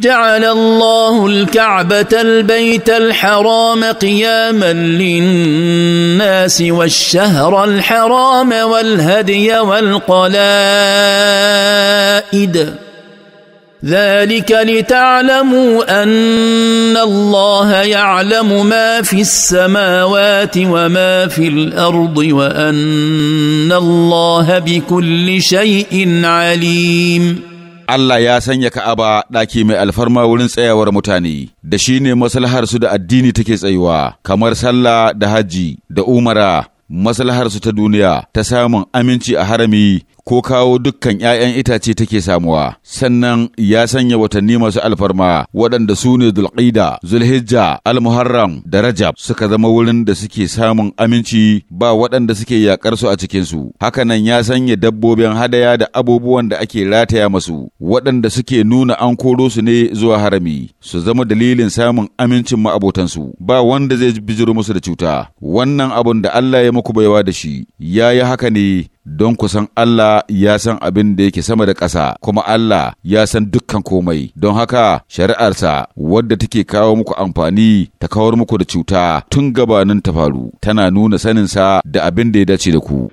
جعل الله الكعبه البيت الحرام قياما للناس والشهر الحرام والهدي والقلائد ذلك لتعلموا ان الله يعلم ما في السماوات وما في الارض وان الله بكل شيء عليم Allah ya sanya Ka'aba ɗaki mai alfarma wurin tsayawar mutane, da shi ne su da addini take tsayuwa, kamar sallah da hajji da umara, maslaharsu ta duniya ta samun aminci a harami ko kawo dukkan ‘ya'yan itace take samuwa, sannan ya sanya watanni masu alfarma waɗanda su ne Zulƙida, Zulhijja, Almuharram da Rajab suka zama wurin da suke samun aminci ba waɗanda suke yaƙar su a cikinsu. Hakanan ya sanya dabbobin hadaya da abubuwan da ake rataya masu, waɗanda suke nuna an koro su ne zuwa harami, su zama dalilin samun amincin ma'abotansu, ba wanda zai bijiro musu da cuta. Wannan abun da Allah ya muku baiwa da shi, ya yi haka ne don ku san Allah ya san abin da yake sama da ƙasa, kuma Allah ya san dukkan komai, don haka shari'arsa wadda take kawo muku amfani ta kawar muku da cuta tun gabanin ta faru, tana nuna saninsa da abin da ya dace da ku.